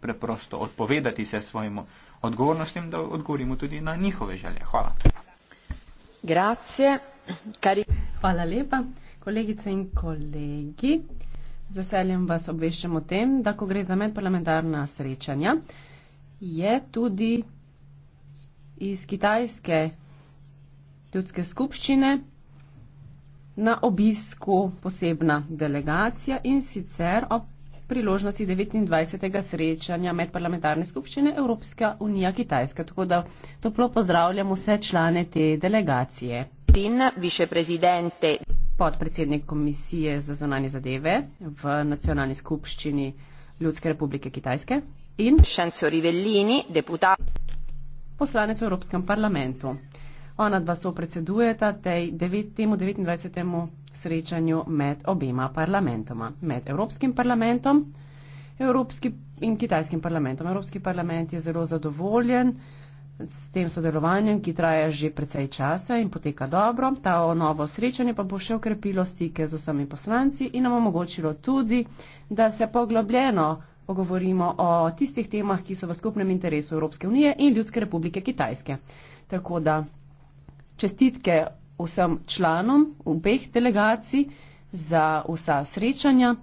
preprosto odpovedati se svojim odgovornostim, da odgovorimo tudi na njihove želje. Hvala. Kari... Hvala lepa, kolegice in kolegi. Z veseljem vas obveščam o tem, da ko gre za medparlamentarna srečanja, je tudi iz Kitajske ljudske skupščine na obisku posebna delegacija in sicer ob 15.30 priložnosti 29. srečanja medparlamentarne skupščine Evropska unija Kitajska. Tako da toplo pozdravljam vse člane te delegacije. Putin, višeprezidente. Podpredsednik komisije za zonanje zadeve v nacionalni skupščini Ljudske republike Kitajske. In Šenco Rivellini, deputat. Poslanec v Evropskem parlamentu. Ona dva so predsedujeta tej 9, temu 29 srečanju med obema parlamentoma, med Evropskim parlamentom Evropski in Kitajskim parlamentom. Evropski parlament je zelo zadovoljen s tem sodelovanjem, ki traja že precej časa in poteka dobro. Ta novo srečanje pa bo še ukrepilo stike z vsemi poslanci in nam omogočilo tudi, da se poglobljeno pogovorimo o tistih temah, ki so v skupnem interesu Evropske unije in Ljudske republike Kitajske. Tako da čestitke vsem članom obeh delegacij za vsa srečanja,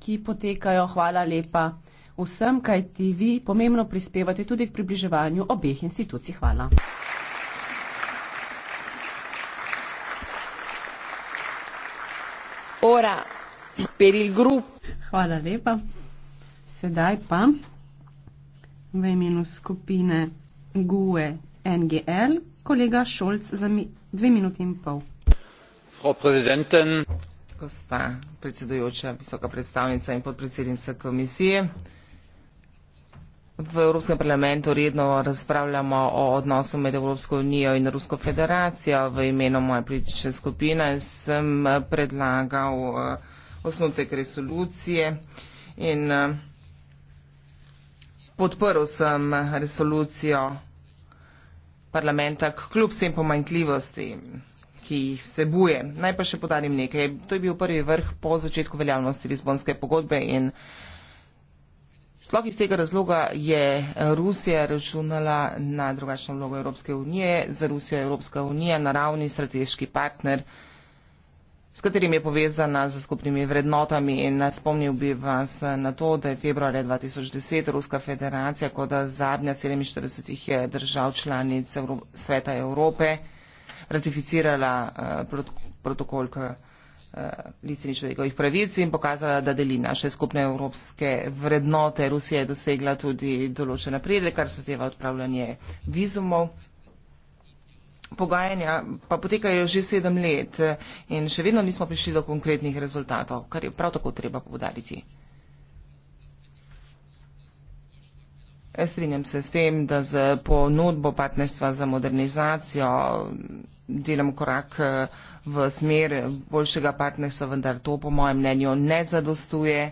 ki potekajo. Hvala lepa vsem, kaj ti vi pomembno prispevate tudi k približevanju obeh institucij. Hvala. Ora, per il Hvala lepa. Sedaj pa v imenu skupine GUE NGL, kolega Šolc za dve minuti in pol. Frau Präsidentin. Gospa predsedujoča, visoka predstavnica in podpredsednica komisije. V Evropskem parlamentu redno razpravljamo o odnosu med Evropsko unijo in Rusko federacijo. V imenu moje politične skupine sem predlagal eh, osnutek resolucije in eh, podprl sem resolucijo parlamenta kljub vsem pomanjkljivosti, ki jih vsebuje. Naj pa še podarim nekaj. To je bil prvi vrh po začetku veljavnosti Lizbonske pogodbe in sploh iz tega razloga je Rusija računala na drugačno vlogo Evropske unije. Za Rusijo je Evropska unija naravni strateški partner s katerim je povezana z skupnimi vrednotami in spomnil bi vas na to, da je februarja 2010 Ruska federacija kot zadnja 47 držav članic Evro Sveta Evrope ratificirala uh, protokol k uh, listini človekovih pravic in pokazala, da deli naše skupne evropske vrednote. Rusija je dosegla tudi določen napredek, kar se teva odpravljanje vizumov. Pogajanja pa potekajo že sedem let eh, in še vedno nismo prišli do konkretnih rezultatov, kar je prav tako treba povdariti. Eh, strinjam se s tem, da z ponudbo partnerstva za modernizacijo mm, delamo korak eh, v smer boljšega partnerstva, vendar to po mojem mnenju ne zadostuje.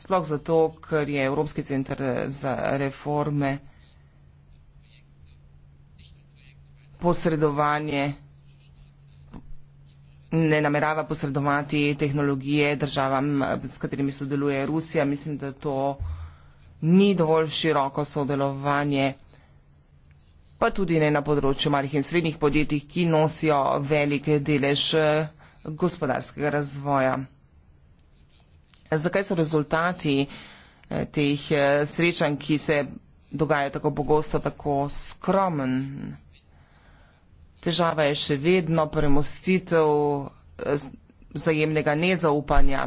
Sploh zato, ker je Evropski centr za reforme. posredovanje, ne namerava posredovati tehnologije državam, s katerimi sodeluje Rusija. Mislim, da to ni dovolj široko sodelovanje, pa tudi ne na področju malih in srednjih podjetij, ki nosijo velike delež eh, gospodarskega razvoja. Zakaj so rezultati eh, teh eh, srečanj, ki se dogajajo tako pogosto, tako skromen? Težava je še vedno premostitev eh, vzajemnega nezaupanja.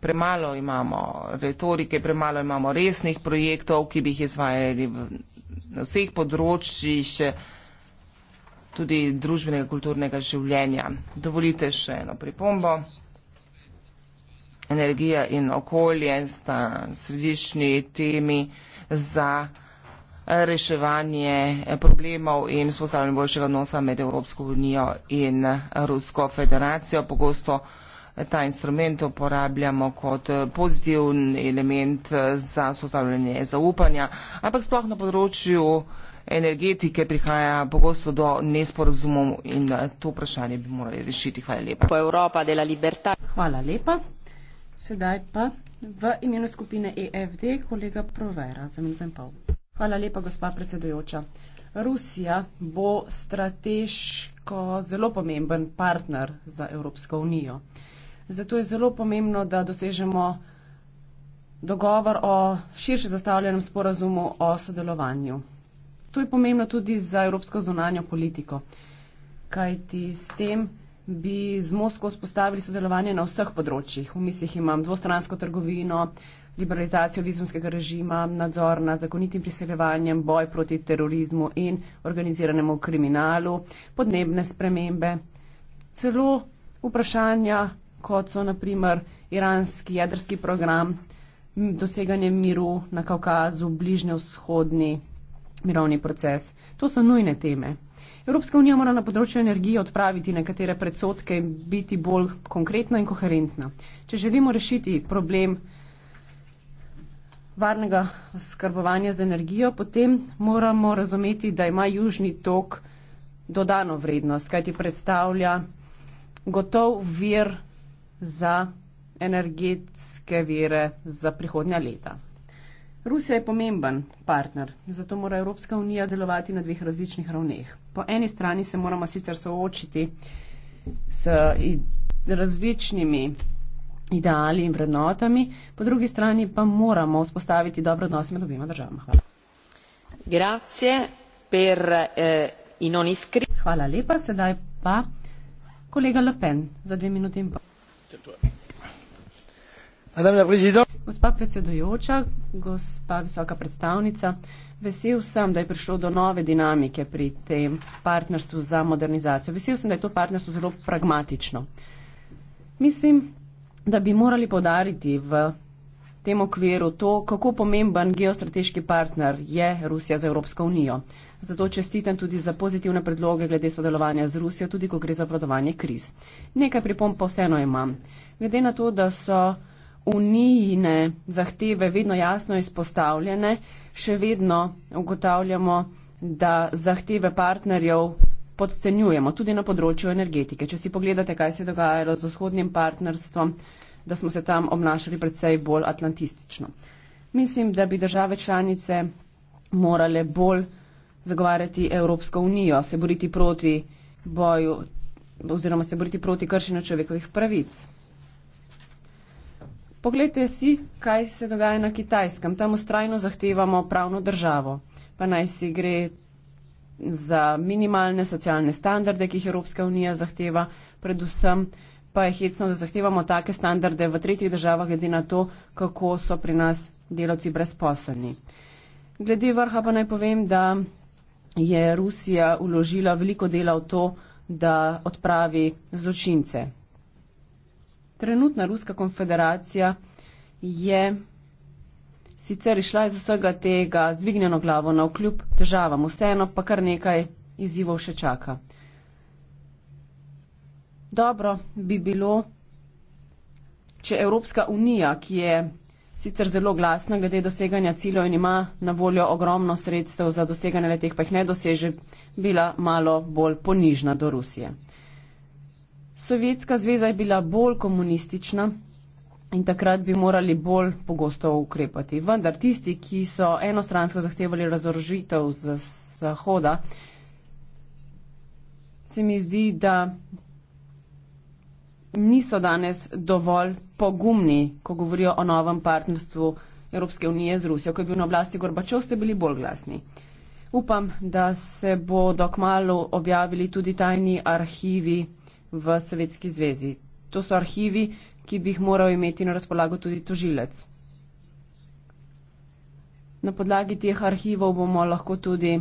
Premalo imamo retorike, premalo imamo resnih projektov, ki bi jih izvajali v, na vseh področjih, tudi družbenega kulturnega življenja. Dovolite še eno pripombo. Energija in okolje sta središnji temi za reševanje problemov in vzpostavljanje boljšega odnosa med Evropsko unijo in Rusko federacijo. Pogosto ta instrument uporabljamo kot pozitiven element za vzpostavljanje zaupanja, ampak sploh na področju energetike prihaja pogosto do nesporazumov in to vprašanje bi morali rešiti. Hvala lepa. Evropa, Hvala lepa. Sedaj pa v imenu skupine EFD kolega Provera za minuto in pol. Hvala lepa, gospa predsedujoča. Rusija bo strateško zelo pomemben partner za Evropsko unijo. Zato je zelo pomembno, da dosežemo dogovor o širše zastavljenem sporazumu o sodelovanju. To je pomembno tudi za evropsko zunanjo politiko, kajti s tem bi z Moskvo vzpostavili sodelovanje na vseh področjih. V mislih imam dvostransko trgovino, liberalizacijo vizumskega režima, nadzor nad zakonitim priseljevanjem, boj proti terorizmu in organiziranemu kriminalu, podnebne spremembe, celo vprašanja, kot so naprimer iranski jedrski program, doseganje miru na Kaukazu, bližnje vzhodni mirovni proces. To so nujne teme. Evropska unija mora na področju energije odpraviti nekatere predsotke in biti bolj konkretna in koherentna. Če želimo rešiti problem, varnega skrbovanja z energijo, potem moramo razumeti, da ima južni tok dodano vrednost, kajti predstavlja gotov vir za energetske vire za prihodnja leta. Rusija je pomemben partner, zato mora Evropska unija delovati na dveh različnih ravneh. Po eni strani se moramo sicer soočiti s različnimi ideali in vrednotami, po drugi strani pa moramo vzpostaviti dobro odnose med obima državama. Hvala. Per, eh, in iskri... Hvala lepa, sedaj pa kolega Le Pen za dve minuti in pol. Gospa predsedujoča, gospa visoka predstavnica, vesel sem, da je prišlo do nove dinamike pri tem partnerstvu za modernizacijo. Vesel sem, da je to partnerstvo zelo pragmatično. Mislim, da bi morali podariti v tem okviru to, kako pomemben geostrateški partner je Rusija za Evropsko unijo. Zato čestitam tudi za pozitivne predloge glede sodelovanja z Rusijo, tudi ko gre za obvladovanje kriz. Nekaj pripomb pa vseeno imam. Glede na to, da so unijine zahteve vedno jasno izpostavljene, še vedno ugotavljamo, da zahteve partnerjev podcenjujemo, tudi na področju energetike. Če si pogledate, kaj se je dogajalo z vzhodnim partnerstvom, da smo se tam obnašali predvsej bolj atlantistično. Mislim, da bi države članice morale bolj zagovarjati Evropsko unijo, se boriti proti boju oziroma se boriti proti kršenju človekovih pravic. Poglejte si, kaj se dogaja na kitajskem. Tam ustrajno zahtevamo pravno državo, pa naj si gre za minimalne socialne standarde, ki jih Evropska unija zahteva, predvsem pa je hecno, da zahtevamo take standarde v tretjih državah glede na to, kako so pri nas delavci brezposelni. Glede vrha pa naj povem, da je Rusija uložila veliko dela v to, da odpravi zločince. Trenutna Ruska konfederacija je sicer izšla iz vsega tega z dvignjeno glavo na vkljub težavam, vseeno pa kar nekaj izzivov še čaka. Dobro bi bilo, če Evropska unija, ki je sicer zelo glasna glede doseganja ciljev in ima na voljo ogromno sredstev za doseganje letih, pa jih ne doseže, bila malo bolj ponižna do Rusije. Sovjetska zveza je bila bolj komunistična, in takrat bi morali bolj pogosto ukrepati. Vendar tisti, ki so enostransko zahtevali razorožitev z Zahoda, se mi zdi, da niso danes dovolj pogumni, ko govorijo o novem partnerstvu Evropske unije z Rusijo. Ko je bil na oblasti Gorbačov, ste bili bolj glasni. Upam, da se bodo kmalo objavili tudi tajni arhivi v Sovjetski zvezi. To so arhivi, ki bi jih moral imeti na razpolago tudi tožilec. Na podlagi teh arhivov bomo lahko tudi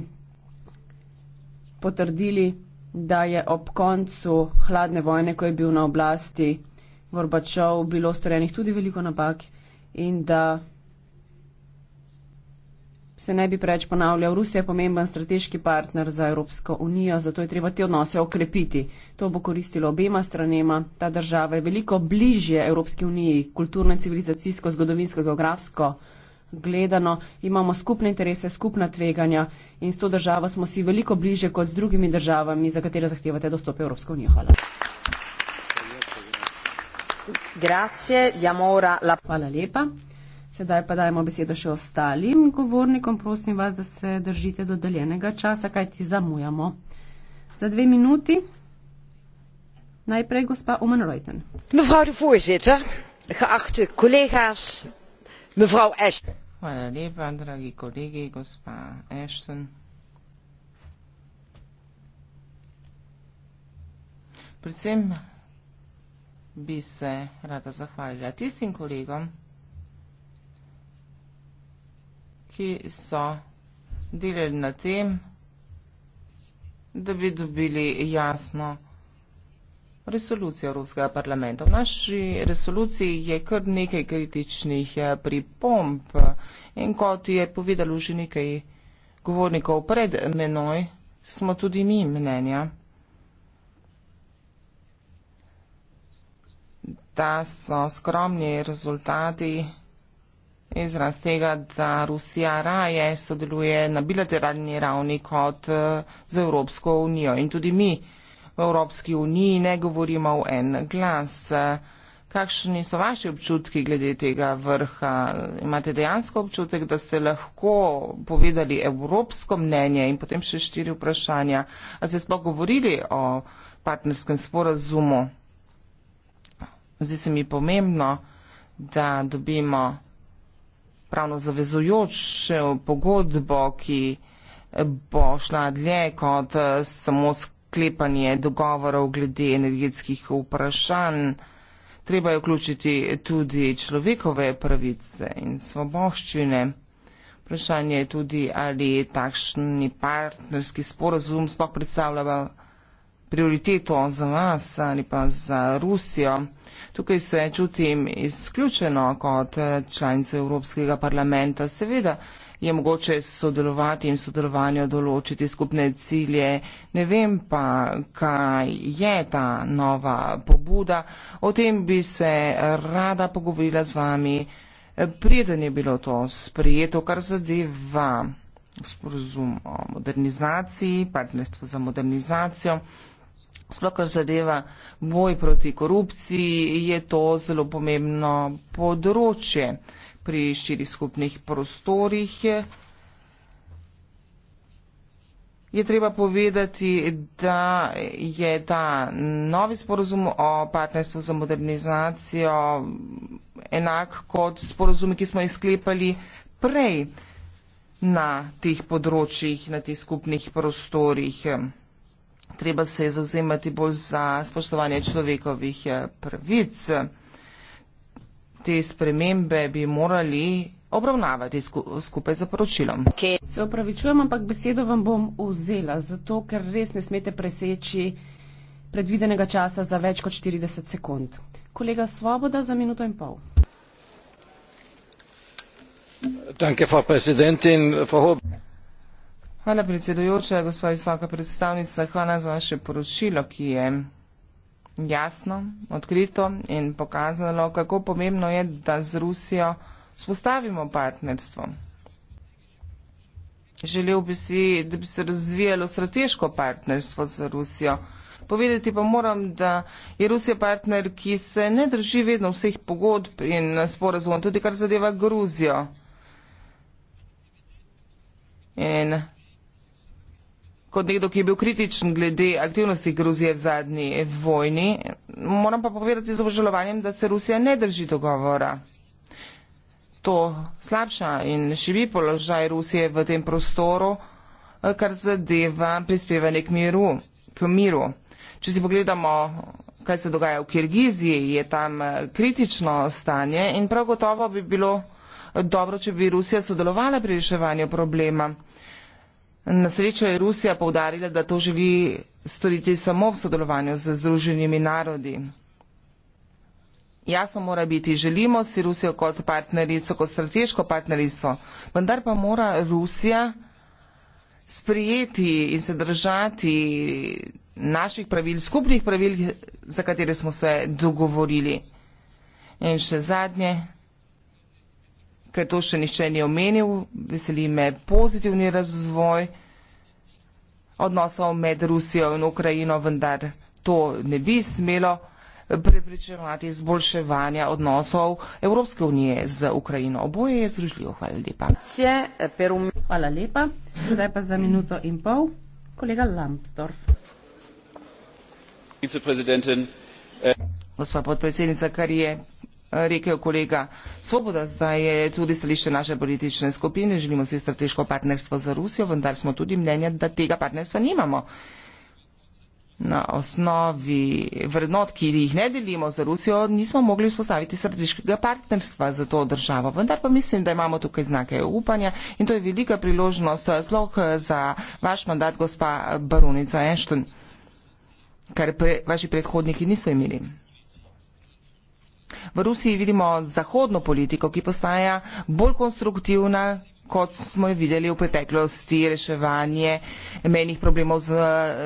potrdili, da je ob koncu hladne vojne, ko je bil na oblasti Vrbačov, bilo storjenih tudi veliko napak in da se ne bi preveč ponavljal, Rusija je pomemben strateški partner za Evropsko unijo, zato je treba te odnose okrepiti. To bo koristilo obema stranema, ta država je veliko bližje Evropski uniji, kulturno, civilizacijsko, zgodovinsko, geografsko gledano, imamo skupne interese, skupna tveganja in s to državo smo si veliko bližje kot z drugimi državami, za katere zahtevate dostop v Evropsko unijo. Hvala. Grazie, diamo ora la... Hvala lepa. Sedaj pa dajemo besedo še ostalim govornikom. Prosim vas, da se držite do deljenega časa, kaj ti zamujamo. Za dve minuti. Najprej gospa Omen Reuten. Hvala lepa, dragi kolegi, gospa Ashton. Predvsem bi se rada zahvalila tistim kolegom, ki so delali na tem, da bi dobili jasno resolucijo Evropskega parlamenta. V naši resoluciji je kar nekaj kritičnih eh, pripomb in kot je povedalo že nekaj govornikov pred menoj, smo tudi mi mnenja, da so skromni rezultati izraz tega, da Rusija raje sodeluje na bilateralni ravni kot eh, z Evropsko unijo. In tudi mi v Evropski uniji ne govorimo v en glas. Kakšni so vaši občutki glede tega vrha? Imate dejansko občutek, da ste lahko povedali evropsko mnenje in potem še štiri vprašanja? A ste sploh govorili o partnerskem sporazumu? Zdi se mi pomembno, da dobimo pravno zavezujočo pogodbo, ki bo šla dlje kot eh, samo sklepanje dogovorov glede energetskih vprašanj. Treba je vključiti tudi človekove pravice in svoboščine. Vprašanje je tudi, ali takšni partnerski sporozum sploh predstavlja prioriteto za vas ali pa za Rusijo. Tukaj se čutim izključeno kot eh, članica Evropskega parlamenta. Seveda je mogoče sodelovati in sodelovanje določiti skupne cilje. Ne vem pa, kaj je ta nova pobuda. O tem bi se rada pogovorila z vami. Eh, preden je bilo to sprejeto, kar zadeva sporozum o modernizaciji, partnerstvo za modernizacijo. Sploh, kar zadeva boj proti korupciji, je to zelo pomembno področje pri štirih skupnih prostorih. Je treba povedati, da je ta novi sporozum o partnerstvu za modernizacijo enak kot sporozumi, ki smo jih sklepali prej na teh področjih, na teh skupnih prostorih treba se je zauzemati bolj za spoštovanje človekovih eh, pravic. Te spremembe bi morali obravnavati skupaj za poročilom. Okay. Se upravičujem, ampak besedo vam bom vzela, zato ker res ne smete preseči predvidenega časa za več kot 40 sekund. Kolega Svoboda za minuto in pol. Danke, Frau Präsidentin, Frau Hohe. Hvala predsedujoča, gospa visoka predstavnica. Hvala za vaše poročilo, ki je jasno, odkrito in pokazalo, kako pomembno je, da z Rusijo spostavimo partnerstvo. Želel bi si, da bi se razvijalo strateško partnerstvo z Rusijo. Povedati pa moram, da je Rusija partner, ki se ne drži vedno vseh pogodb in sporazumov, tudi kar zadeva Gruzijo. In kot nekdo, ki je bil kritičen glede aktivnosti Gruzije v zadnji vojni, moram pa povedati z obžalovanjem, da se Rusija ne drži dogovora. To slabša in šivi položaj Rusije v tem prostoru, eh, kar zadeva prispevanje k miru. K miru. Če si pogledamo, kaj se dogaja v Kirgiziji, je tam eh, kritično stanje in prav gotovo bi bilo dobro, če bi Rusija sodelovala pri reševanju problema. Na srečo je Rusija povdarila, da to želi storiti samo v sodelovanju z Združenimi narodi. Jasno mora biti, želimo si Rusijo kot partnerico, kot strateško partnerico, vendar pa mora Rusija sprijeti in se držati naših pravil, skupnih pravil, za katere smo se dogovorili. In še zadnje ker to še nišče ni omenil, veseli me pozitivni razvoj odnosov med Rusijo in Ukrajino, vendar to ne bi smelo prepričevati izboljševanja odnosov Evropske unije z Ukrajino. Oboje je združljivo. Hvala lepa. Hvala lepa. Zdaj pa za minuto in pol. Kolega Lambsdorff. Eh, Gospa podpredsednica, kar je Eh, rekel kolega Svoboda, zdaj je tudi stališče naše politične skupine, želimo si strateško partnerstvo za Rusijo, vendar smo tudi mnenja, da tega partnerstva nimamo. Na osnovi vrednot, ki jih ne delimo za Rusijo, nismo mogli vzpostaviti srdiškega partnerstva za to državo. Vendar pa mislim, da imamo tukaj znake upanja in to je velika priložnost zlog eh, za vaš mandat, gospa baronica Enšten, kar pre, vaši predhodniki niso imeli. V Rusiji vidimo zahodno politiko, ki postaja bolj konstruktivna, kot smo jo videli v preteklosti, reševanje menih problemov z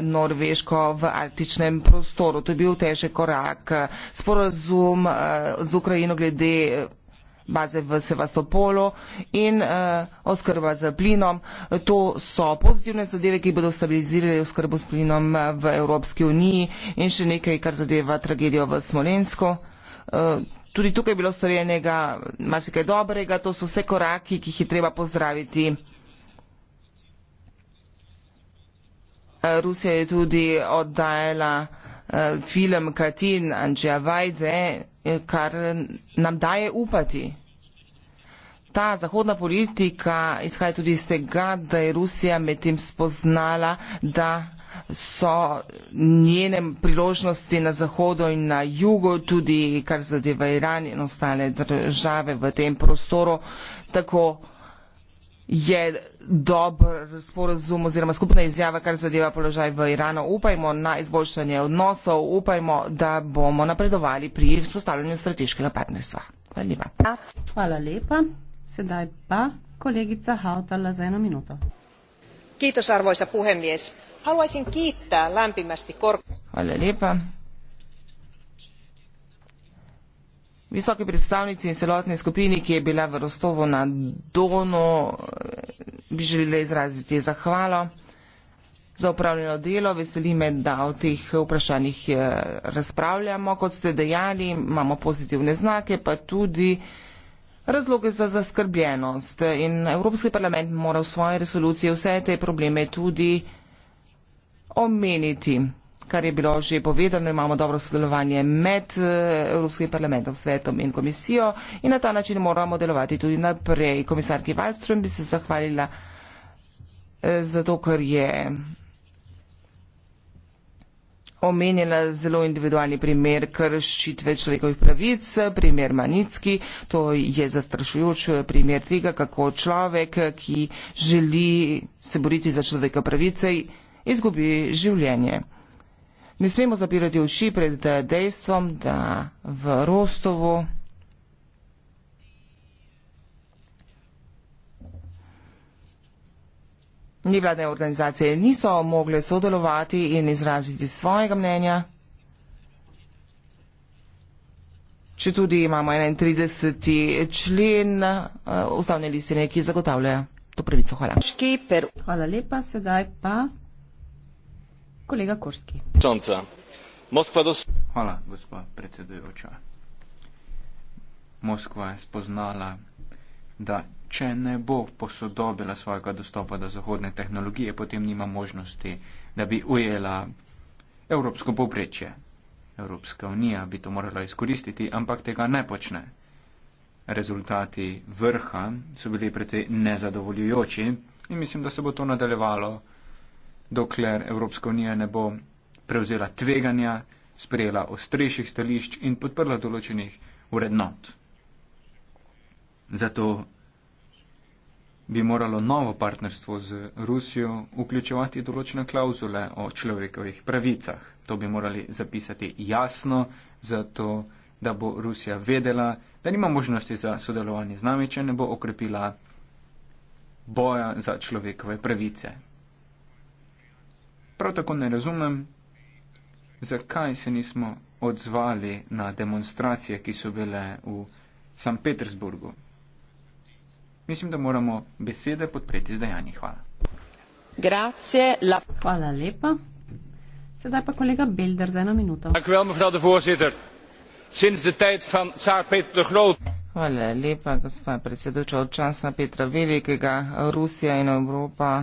Norveško v arktičnem prostoru. To je bil težek korak. Sporazum eh, z Ukrajino glede eh, baze v Sevastopolu in uh, oskrba z plinom. To so pozitivne zadeve, ki bodo stabilizirali oskrbo s plinom v Evropski uniji in še nekaj, kar zadeva tragedijo v Smolensku. Eh, tudi tukaj je bilo storjenega marsikaj dobrega, to so vse koraki, ki jih je treba pozdraviti. Eh, Rusija je tudi oddajala eh, film Katin Andžija Vajde, kar nam daje upati. Ta zahodna politika izhaja tudi iz tega, da je Rusija med tem spoznala, da so njene priložnosti na zahodu in na jugu, tudi kar zadeva Iran in ostale države v tem prostoru, tako je dober sporozum oziroma skupna izjava, kar zadeva položaj v Iranu. Upajmo na izboljšanje odnosov, upajmo, da bomo napredovali pri vzpostavljanju strateškega partnerstva. Hvala lepa. Hvala lepa. Sedaj pa kolegica Hautala za eno minuto. Kiitos arvoisa puhemies haluaisin kiittää lämpimästi korkeaa. Visoki predstavnici in celotni skupini, ki je bila v Rostovu na Donu, bi želeli izraziti zahvalo za upravljeno delo. Veseli me, da o teh vprašanjih eh, razpravljamo. Kot ste dejali, imamo pozitivne znake, pa tudi razloge za zaskrbljenost. In Evropski parlament mora v svoje resolucije vse te probleme tudi omeniti, kar je bilo že povedano, imamo dobro sodelovanje med eh, Evropskim parlamentom, svetom in komisijo in na ta način moramo delovati tudi naprej. Komisarki Valström bi se zahvalila eh, zato, ker je omenjena zelo individualni primer kršitve človekovih pravic, primer Manicki, to je zastrašujoč eh, primer tega, kako človek, ki želi se boriti za človekove pravice, izgubi življenje. Ne smemo zapirati oči pred dejstvom, da v Rostovu nivladne organizacije niso mogle sodelovati in izraziti svojega mnenja. Če tudi imamo 31. člen eh, ustavne listine, ki zagotavlja to pravico. Hvala. Hvala lepa, sedaj pa kolega Kurski. Hvala, gospod predsedujoča. Moskva je spoznala, da če ne bo posodobila svojega dostopa do zahodne tehnologije, potem nima možnosti, da bi ujela evropsko poprečje. Evropska unija bi to morala izkoristiti, ampak tega ne počne. Rezultati vrha so bili precej nezadovoljujoči in mislim, da se bo to nadaljevalo dokler Evropska unija ne bo prevzela tveganja, sprejela ostrejših stališč in podprla določenih urednot. Zato bi moralo novo partnerstvo z Rusijo vključevati določene klauzule o človekovih pravicah. To bi morali zapisati jasno, zato da bo Rusija vedela, da nima možnosti za sodelovanje z nami, če ne bo okrepila boja za človekove pravice. Prav tako ne razumem, zakaj se nismo odzvali na demonstracije, ki so bile v St. Petersburgu. Mislim, da moramo besede podpreti z dejanji. Hvala. Grazie, la... Hvala lepa. Sedaj pa kolega Belder za eno minuto. Hvala lepa, gospod predsedujoč. Od časa Petra Velikega Rusija in Evropa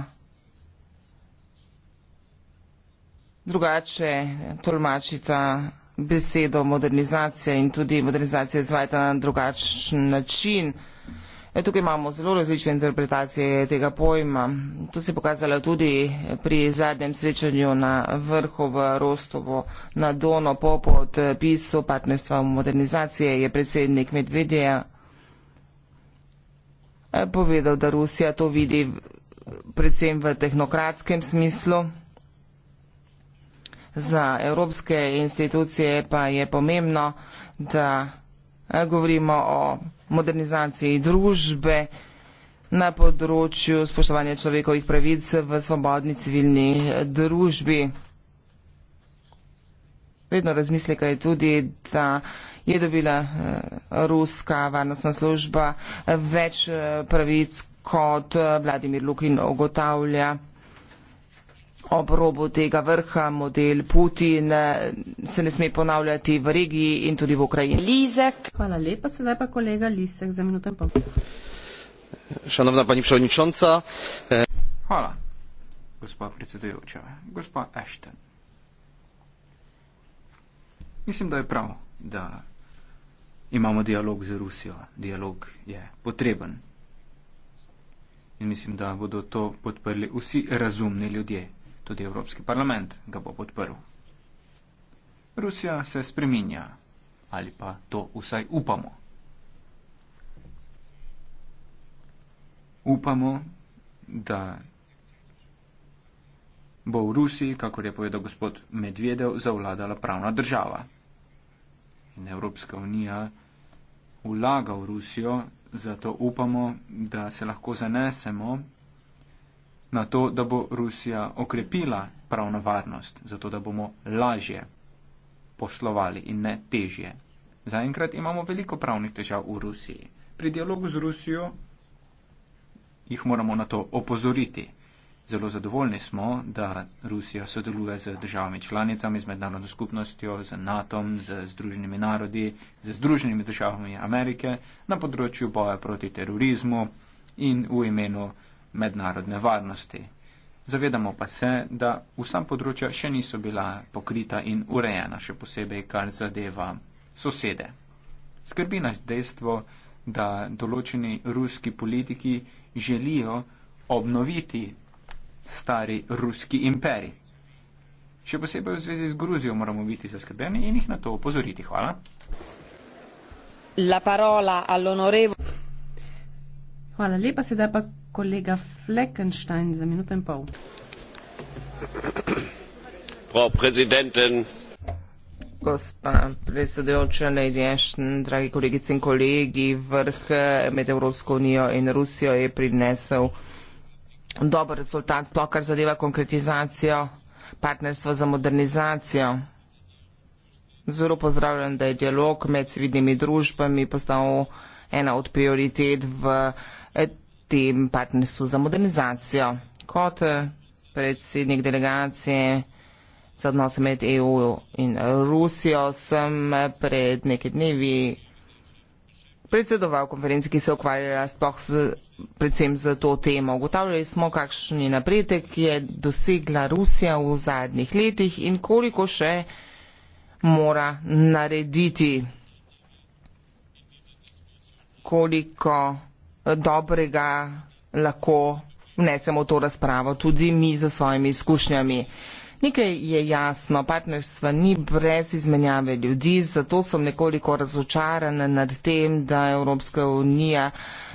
drugače tolmačita besedo modernizacija in tudi modernizacija izvajata na drugačen način. E, tukaj imamo zelo različne interpretacije tega pojma. To se je pokazalo tudi pri zadnjem srečanju na vrhu v Rostovo na Dono po podpisu partnerstva modernizacije je predsednik Medvedeja e, povedal, da Rusija to vidi predvsem v tehnokratskem smislu za evropske institucije pa je pomembno, da eh, govorimo o modernizaciji družbe na področju spoštovanja človekovih pravic v svobodni civilni eh, družbi. Vedno razmisleka je tudi, da je dobila eh, ruska varnostna služba več pravic kot Vladimir Lukin ugotavlja ob robu tega vrha model Putin eh, se ne sme ponavljati v regiji in tudi v Ukrajini. Lizek. Hvala lepa, sedaj pa kolega Lizek za minuto in pol. Šanovna pani predsednica. E, Hvala, gospa predsedujoča. Gospa Ashton. Mislim, da je prav, da imamo dialog z Rusijo. Dialog je potreben. In mislim, da bodo to podprli vsi razumni ljudje Tudi Evropski parlament ga bo podprl. Rusija se spreminja, ali pa to vsaj upamo. Upamo, da bo v Rusiji, kakor je povedal gospod Medvedev, zavladala pravna država. In Evropska unija vlaga v Rusijo, zato upamo, da se lahko zanesemo na to, da bo Rusija okrepila pravno varnost, zato da bomo lažje poslovali in ne težje. Zaenkrat imamo veliko pravnih težav v Rusiji. Pri dialogu z Rusijo jih moramo na to opozoriti. Zelo zadovoljni smo, da Rusija sodeluje z državami članicami, z mednarodno skupnostjo, z NATO, z Združenimi narodi, z Združenimi državami Amerike na področju boja proti terorizmu in v imenu mednarodne varnosti. Zavedamo pa se, da vsa področja še niso bila pokrita in urejena, še posebej kar zadeva sosede. Skrbi nas dejstvo, da določeni ruski politiki želijo obnoviti stari ruski imperij. Še posebej v zvezi z Gruzijo moramo biti zaskrbljeni in jih na to opozoriti. Hvala. La parola all'onorevole. Hvala lepa, sedaj pa kolega Fleckenstein za minuto in pol. Gospa predsedujoča, lady Ashton, dragi kolegice in kolegi, vrh eh, med Evropsko unijo in Rusijo je prinesel dober rezultat, sploh kar zadeva konkretizacijo partnerstva za modernizacijo. Zelo pozdravljam, da je dialog med civilnimi družbami postal ena od prioritet v eh, tem partnerstvu za modernizacijo. Kot eh, predsednik delegacije za odnose med EU in Rusijo sem eh, pred nekaj dnevi predsedoval konferenci, ki se ukvarjala spoh z, predvsem z to temo. Ugotavljali smo, kakšni napredek je dosegla Rusija v zadnjih letih in koliko še mora narediti koliko eh, dobrega lahko vnesemo v to razpravo, tudi mi za svojimi izkušnjami. Nekaj je jasno, partnerstva ni brez izmenjave ljudi, zato sem nekoliko razočaran nad tem, da Evropska unija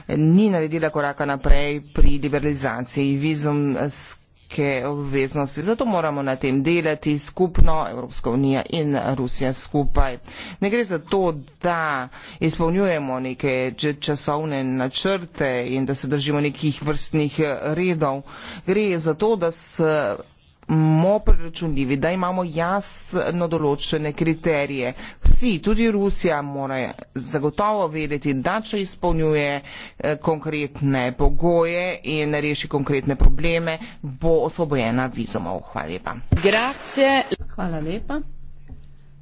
ni naredila koraka naprej pri liberalizaciji vizumskih neke obveznosti. Zato moramo na tem delati skupno, Evropska unija in Rusija skupaj. Ne gre za to, da izpolnjujemo neke časovne načrte in da se držimo nekih vrstnih redov. Gre za to, da se smo preračunljivi, da imamo jasno določene kriterije. Vsi, tudi Rusija, mora zagotovo vedeti, da če izpolnjuje eh, konkretne pogoje in reši konkretne probleme, bo osvobojena vizumov. Hvala lepa. Grazie. Hvala lepa.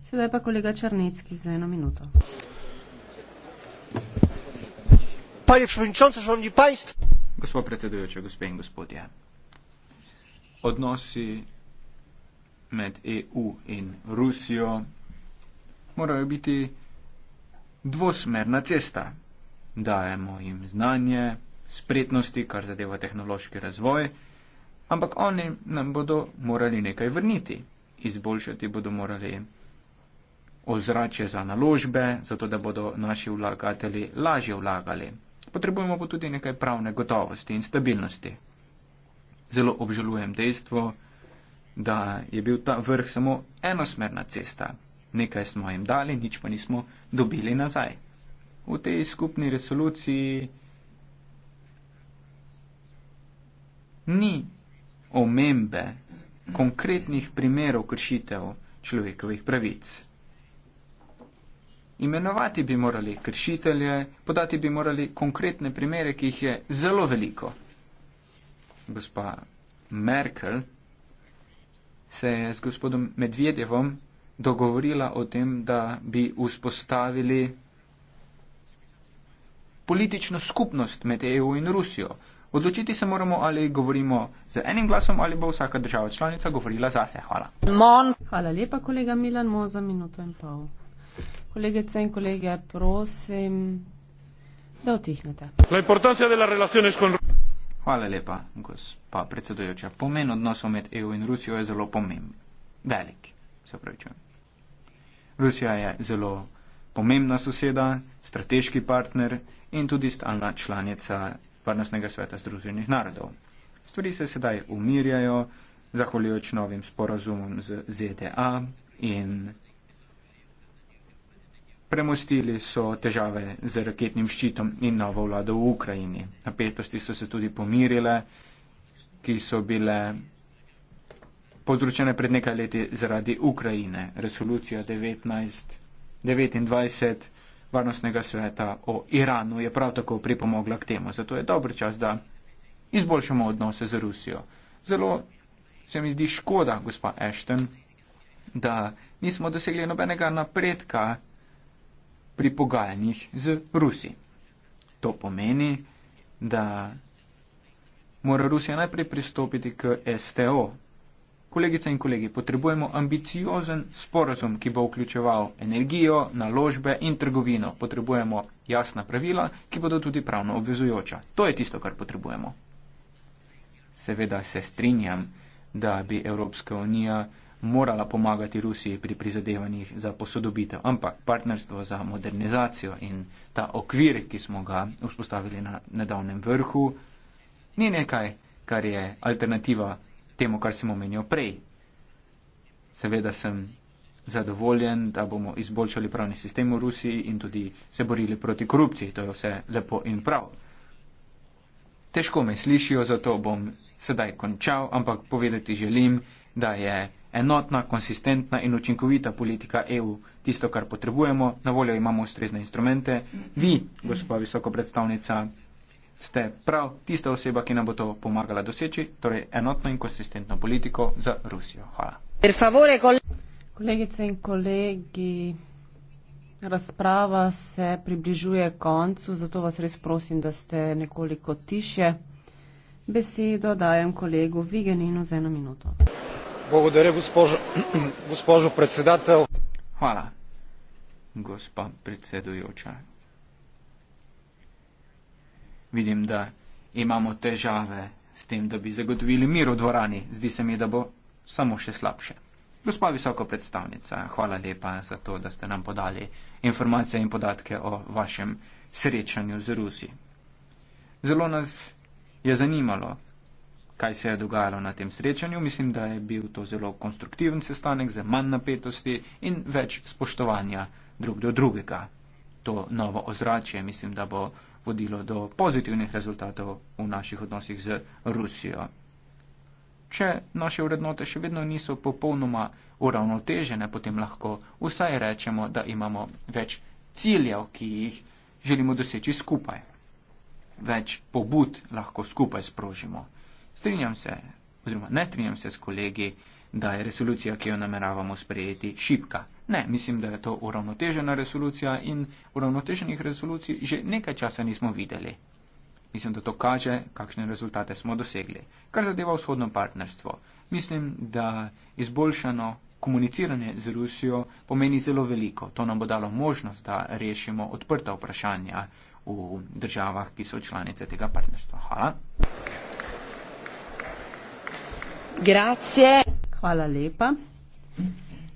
Sedaj pa kolega Črnecki za eno minuto. Panie przewodniczący, szanowni państwo. Gospod predsedujący, gospodje i gospodje odnosi med EU in Rusijo morajo biti dvosmerna cesta. Dajemo jim znanje, spretnosti, kar zadeva tehnološki razvoj, ampak oni nam bodo morali nekaj vrniti. Izboljšati bodo morali ozračje za naložbe, zato da bodo naši vlagatelji lažje vlagali. Potrebujemo pa tudi nekaj pravne gotovosti in stabilnosti zelo obžalujem dejstvo, da je bil ta vrh samo enosmerna cesta. Nekaj smo jim dali, nič pa nismo dobili nazaj. V tej skupni resoluciji ni omembe konkretnih primerov kršitev človekovih pravic. Imenovati bi morali kršitelje, podati bi morali konkretne primere, ki jih je zelo veliko gospa Merkel se je z gospodom Medvedjevom dogovorila o tem, da bi vzpostavili politično skupnost med EU in Rusijo. Odločiti se moramo, ali govorimo z enim glasom, ali bo vsaka država članica govorila zase. Hvala. Mon. Hvala lepa, kolega Milan, mo za minuto in pol. Kolegice in kolege, prosim, da otihnete. La importancia de las relaciones con Rusijo. Hvala lepa, gospa predsedujoča. Pomen odnosov med EU in Rusijo je zelo pomemben. Velik, se pravi. Rusija je zelo pomembna soseda, strateški partner in tudi stalna članica Varnostnega sveta Združenih narodov. Stvari se sedaj umirjajo, zahvaljujoč novim sporazumom z ZDA in Premostili so težave z raketnim ščitom in novo vlado v Ukrajini. Napetosti so se tudi pomirile, ki so bile povzročene pred nekaj leti zaradi Ukrajine. Resolucija 19, 29 Varnostnega sveta o Iranu je prav tako pripomogla k temu. Zato je dober čas, da izboljšamo odnose z Rusijo. Zelo se mi zdi škoda, gospa Ashton, da nismo dosegli nobenega napredka pri pogajanjih z Rusi. To pomeni, da mora Rusija najprej pristopiti k STO. Kolegice in kolegi, potrebujemo ambiciozen sporazum, ki bo vključeval energijo, naložbe in trgovino. Potrebujemo jasna pravila, ki bodo tudi pravno obvezujoča. To je tisto, kar potrebujemo. Seveda se strinjam, da bi Evropska unija morala pomagati Rusiji pri prizadevanjih za posodobitev, ampak partnerstvo za modernizacijo in ta okvir, ki smo ga vzpostavili na nedavnem vrhu, ni nekaj, kar je alternativa temu, kar sem omenil prej. Seveda sem zadovoljen, da bomo izboljšali pravni sistem v Rusiji in tudi se borili proti korupciji. To je vse lepo in prav. Težko me slišijo, zato bom sedaj končal, ampak povedati želim, da je enotna, konsistentna in učinkovita politika EU tisto, kar potrebujemo. Na voljo imamo ustrezne instrumente. Vi, gospa visoko predstavnica, ste prav tista oseba, ki nam bo to pomagala doseči, torej enotno in konsistentno politiko za Rusijo. Hvala. Kolegice in kolegi, razprava se približuje koncu, zato vas res prosim, da ste nekoliko tiše. Besedo dajem kolegu Vigeninu za eno minuto. Hvala, gospa predsedujoča. Vidim, da imamo težave s tem, da bi zagotovili mir v dvorani. Zdi se mi, da bo samo še slabše. Gospa visoka predstavnica, hvala lepa za to, da ste nam podali informacije in podatke o vašem srečanju z Rusi. Zelo nas je zanimalo, kaj se je dogajalo na tem srečanju. Mislim, da je bil to zelo konstruktiven sestanek z manj napetosti in več spoštovanja drug do drugega. To novo ozračje mislim, da bo vodilo do pozitivnih rezultatov v naših odnosih z Rusijo. Če naše vrednote še vedno niso popolnoma uravnotežene, potem lahko vsaj rečemo, da imamo več ciljev, ki jih želimo doseči skupaj. Več pobud lahko skupaj sprožimo. Strinjam se, oziroma ne strinjam se s kolegi, da je resolucija, ki jo nameravamo sprejeti, šipka. Ne, mislim, da je to uravnotežena resolucija in uravnoteženih resolucij že nekaj časa nismo videli. Mislim, da to kaže, kakšne rezultate smo dosegli. Kar zadeva vzhodno partnerstvo, mislim, da izboljšano komuniciranje z Rusijo pomeni zelo veliko. To nam bo dalo možnost, da rešimo odprta vprašanja v državah, ki so članice tega partnerstva. Hvala. Grazie. Hvala lepa.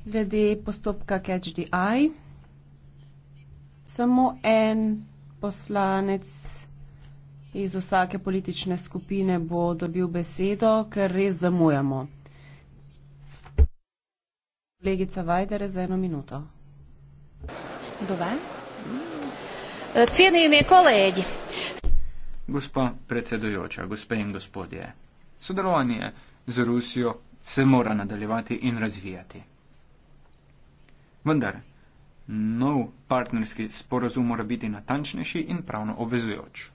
Glede postopka Catch the Eye, samo en poslanec iz vsake politične skupine bo dobil besedo, ker res zamujamo. Kolegica Vajdere za eno minuto. Dobar. Cijeni ime kolegi. Gospa predsedujoča, gospe in gospodje, sodelovanje z Rusijo se mora nadaljevati in razvijati. Vendar, nov partnerski sporozum mora biti natančnejši in pravno obvezujoč.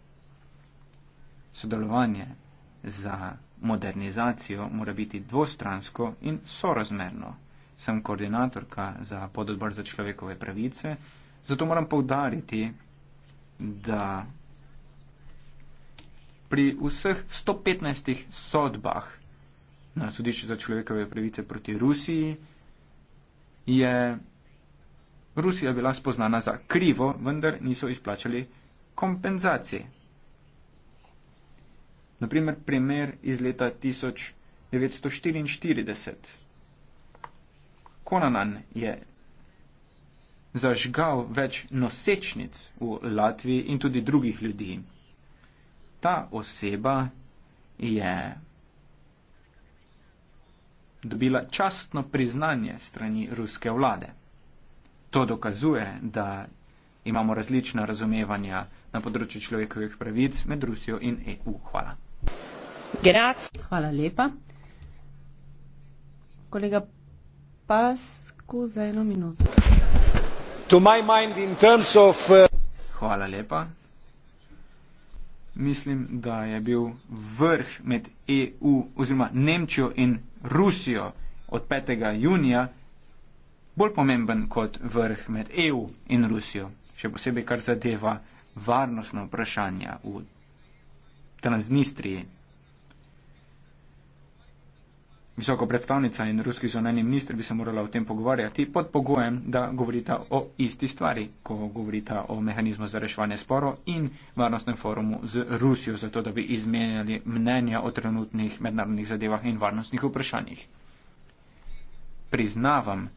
Sodelovanje za modernizacijo mora biti dvostransko in sorazmerno. Sem koordinatorka za pododbor za človekove pravice, zato moram povdariti, da pri vseh 115 sodbah na sodišču za človekove pravice proti Rusiji, je Rusija bila spoznana za krivo, vendar niso izplačali kompenzacije. Naprimer, primer iz leta 1944. Konanan je zažgal več nosečnic v Latviji in tudi drugih ljudi. Ta oseba je dobila častno priznanje strani ruske vlade. To dokazuje, da imamo različna razumevanja na področju človekovih pravic med Rusijo in EU. Hvala. Grac. Hvala lepa. Kolega Pasku za eno minuto. To my mind in terms of. Uh... Hvala lepa mislim, da je bil vrh med EU oziroma Nemčijo in Rusijo od 5. junija bolj pomemben kot vrh med EU in Rusijo, še posebej kar zadeva varnostno vprašanje v Transnistriji visoko predstavnica in ruski zunani minister bi se morala o tem pogovarjati pod pogojem, da govorita o isti stvari, ko govorita o mehanizmu za reševanje sporo in varnostnem forumu z Rusijo, zato da bi izmenjali mnenja o trenutnih mednarodnih zadevah in varnostnih vprašanjih. Priznavam,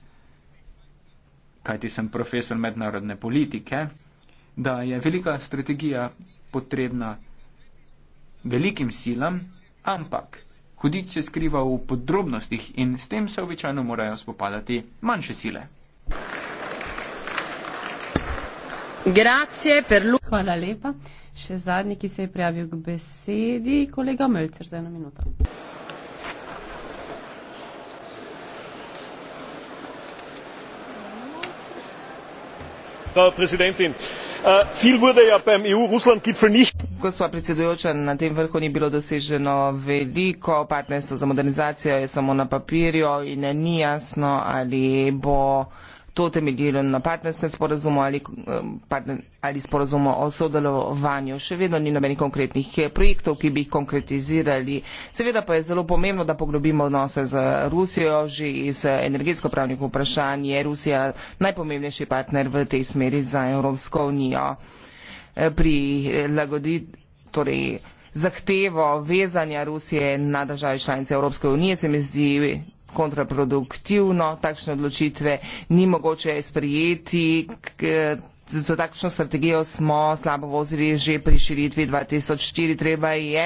kajti sem profesor mednarodne politike, da je velika strategija potrebna velikim silam, ampak Hudič se skriva v podrobnostih in s tem se običajno morajo spopadati manjše sile. Grazie per luce. Hvala lepa. Še zadnji, ki se je prijavil k besedi, kolega Melcer za eno minuto. Frau Präsidentin, äh, viel wurde ja beim EU-Russland-Gipfel nicht gospod predsedujoča, na tem vrhu ni bilo doseženo veliko, partnerstvo za modernizacijo je samo na papirju in ni jasno, ali bo to temeljilo na partnerskem sporazumu ali, eh, partner, ali sporazumu o sodelovanju. Še vedno ni nobenih konkretnih eh, projektov, ki bi jih konkretizirali. Seveda pa je zelo pomembno, da poglobimo odnose z Rusijo, že iz eh, energetsko-pravnih vprašanj je Rusija najpomembnejši partner v tej smeri za Evropsko unijo prilagodi torej, zahtevo vezanja Rusije na države članice Evropske unije, se mi zdi kontraproduktivno, takšne odločitve ni mogoče sprijeti. K, Za takšno strategijo smo slabo vozili že pri širitvi 2004. Treba je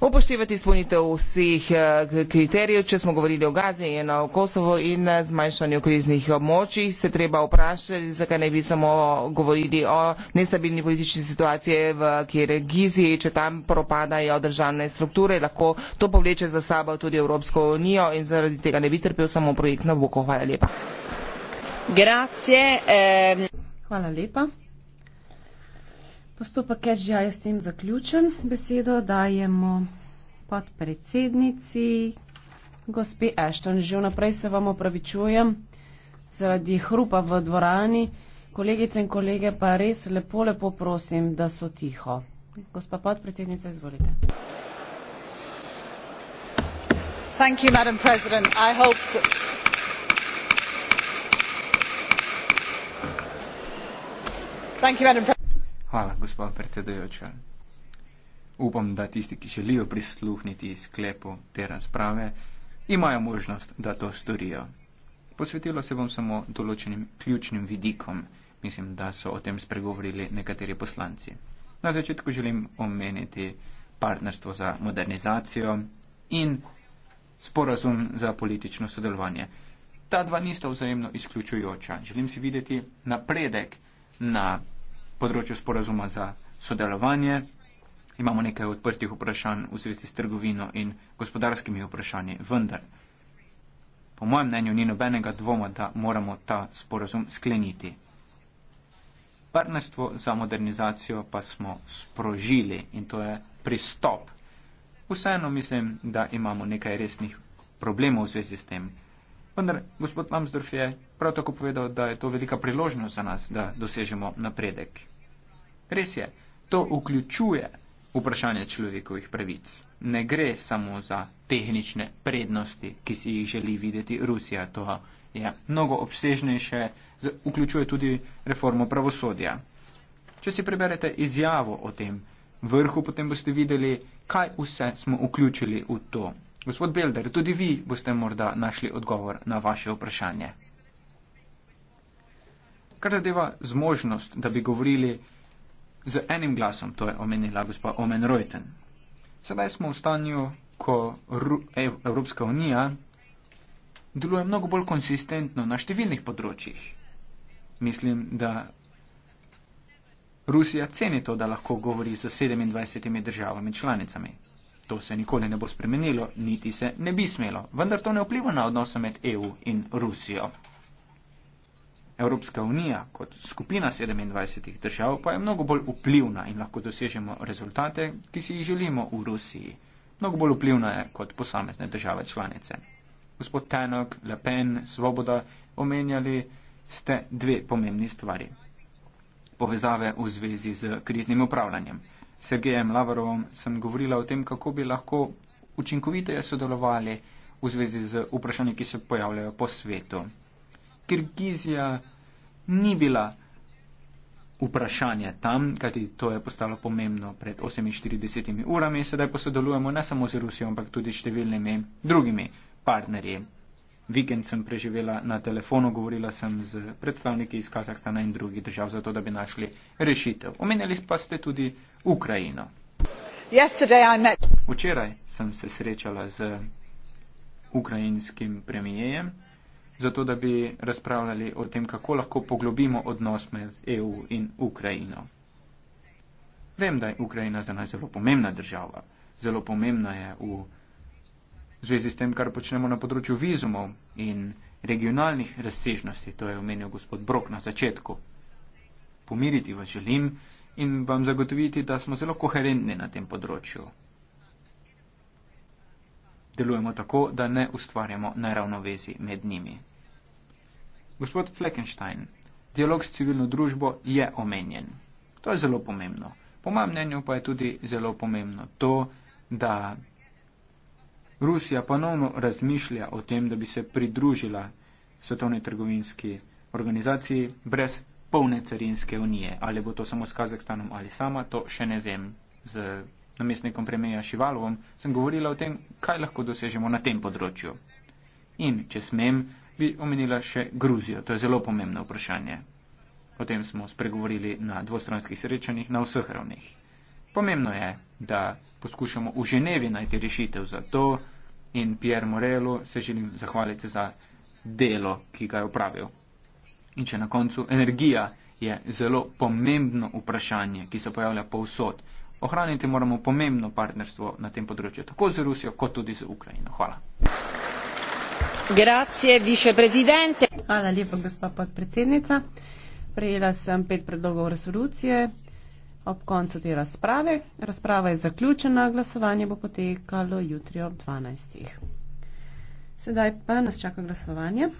upoštevati izpolnitev vseh eh, kriterijev, če smo govorili o Gazi in o Kosovo in eh, zmanjšanju kriznih območij, se treba vprašati, zakaj ne bi samo govorili o nestabilni politični situaciji v Kiregizi, če tam propadajo državne strukture, lahko to povleče za sabo tudi Evropsko unijo in zaradi tega ne bi trpel samo projekt na Boko. Hvala lepa. Grazie, ehm. Hvala lepa. Postopek KGA je s tem zaključen. Besedo dajemo podpredsednici gospe Ashton. Že vnaprej se vam opravičujem zaradi hrupa v dvorani. Kolegice in kolege pa res lepo, lepo prosim, da so tiho. Gospa podpredsednica, izvolite. Thank you, Madam President. I hope, th Thank you, Madam Pre Hvala, gospod predsedujoča. Upam, da tisti, ki želijo prisluhniti sklepu te razprave, imajo možnost, da to storijo. Posvetilo se bom samo določenim ključnim vidikom. Mislim, da so o tem spregovorili nekateri poslanci. Na začetku želim omeniti partnerstvo za modernizacijo in sporazum za politično sodelovanje. Ta dva nista vzajemno izključujoča. Želim si videti napredek na področju sporazuma za sodelovanje. Imamo nekaj odprtih vprašanj v zvezi s trgovino in gospodarskimi vprašanji, vendar po mojem mnenju ni nobenega dvoma, da moramo ta sporazum skleniti. Partnerstvo za modernizacijo pa smo sprožili in to je pristop. Vseeno mislim, da imamo nekaj resnih problemov v zvezi s tem. Vendar gospod Lambsdorff je prav tako povedal, da je to velika priložnost za nas, da dosežemo napredek. Res je, to vključuje vprašanje človekovih pravic. Ne gre samo za tehnične prednosti, ki si jih želi videti Rusija. To je mnogo obsežnejše, vključuje tudi reformo pravosodja. Če si preberete izjavo o tem vrhu, potem boste videli, kaj vse smo vključili v to Gospod Belder, tudi vi boste morda našli odgovor na vaše vprašanje. Kar zadeva zmožnost, da bi govorili z enim glasom, to je omenila gospa Omen Reuten. Sedaj smo v stanju, ko e-, Evropska unija deluje mnogo bolj konsistentno na številnih področjih. Mislim, da Rusija ceni to, da lahko govori z 27 državami članicami. To se nikoli ne bo spremenilo, niti se ne bi smelo, vendar to ne vpliva na odnose med EU in Rusijo. Evropska unija kot skupina 27 držav pa je mnogo bolj vplivna in lahko dosežemo rezultate, ki si jih želimo v Rusiji. Mnogo bolj vplivna je kot posamezne države članice. Gospod Tenok, Le Pen, Svoboda, omenjali ste dve pomembni stvari. Povezave v zvezi z kriznim upravljanjem. Sergejem Lavrovom sem govorila o tem, kako bi lahko učinkoviteje sodelovali v zvezi z vprašanji, ki se pojavljajo po svetu. Kirgizija ni bila vprašanje tam, kajti to je postalo pomembno pred 48 urami, sedaj posodelujemo ne samo z Rusijo, ampak tudi številnimi drugimi partnerji. Vikend sem preživela na telefonu, govorila sem z predstavniki iz Kazahstana in drugih držav, zato da bi našli rešitev. Omenjali pa ste tudi Ukrajino. Včeraj sem se srečala z ukrajinskim premijejem, zato da bi razpravljali o tem, kako lahko poglobimo odnos med EU in Ukrajino. Vem, da je Ukrajina za nas zelo pomembna država. Zelo pomembna je v zvezi s tem, kar počnemo na področju vizumov in regionalnih razsežnosti. To je omenil gospod Brok na začetku. Pomiriti vas želim in vam zagotoviti, da smo zelo koherentni na tem področju. Delujemo tako, da ne ustvarjamo neravnovezi med njimi. Gospod Fleckenstein, dialog s civilno družbo je omenjen. To je zelo pomembno. Po mojem mnenju pa je tudi zelo pomembno to, da Rusija ponovno razmišlja o tem, da bi se pridružila svetovni trgovinski organizaciji brez polne carinske unije. Ali bo to samo s Kazahstanom ali sama, to še ne vem. Z namestnikom premija Šivalovom sem govorila o tem, kaj lahko dosežemo na tem področju. In, če smem, bi omenila še Gruzijo. To je zelo pomembno vprašanje. O tem smo spregovorili na dvostranskih srečanjih na vseh ravneh. Pomembno je, da poskušamo v Ženevi najti rešitev za to in Pierre Morelu se želim zahvaliti za delo, ki ga je upravil. In če na koncu energija je zelo pomembno vprašanje, ki se pojavlja povsod. Ohraniti moramo pomembno partnerstvo na tem področju, tako z Rusijo, kot tudi z Ukrajino. Hvala. Hvala lepa, gospa podpredsednica. Prejela sem pet predlogov resolucije ob koncu te razprave. Razprava je zaključena, glasovanje bo potekalo jutri ob 12. Sedaj pa nas čaka glasovanje.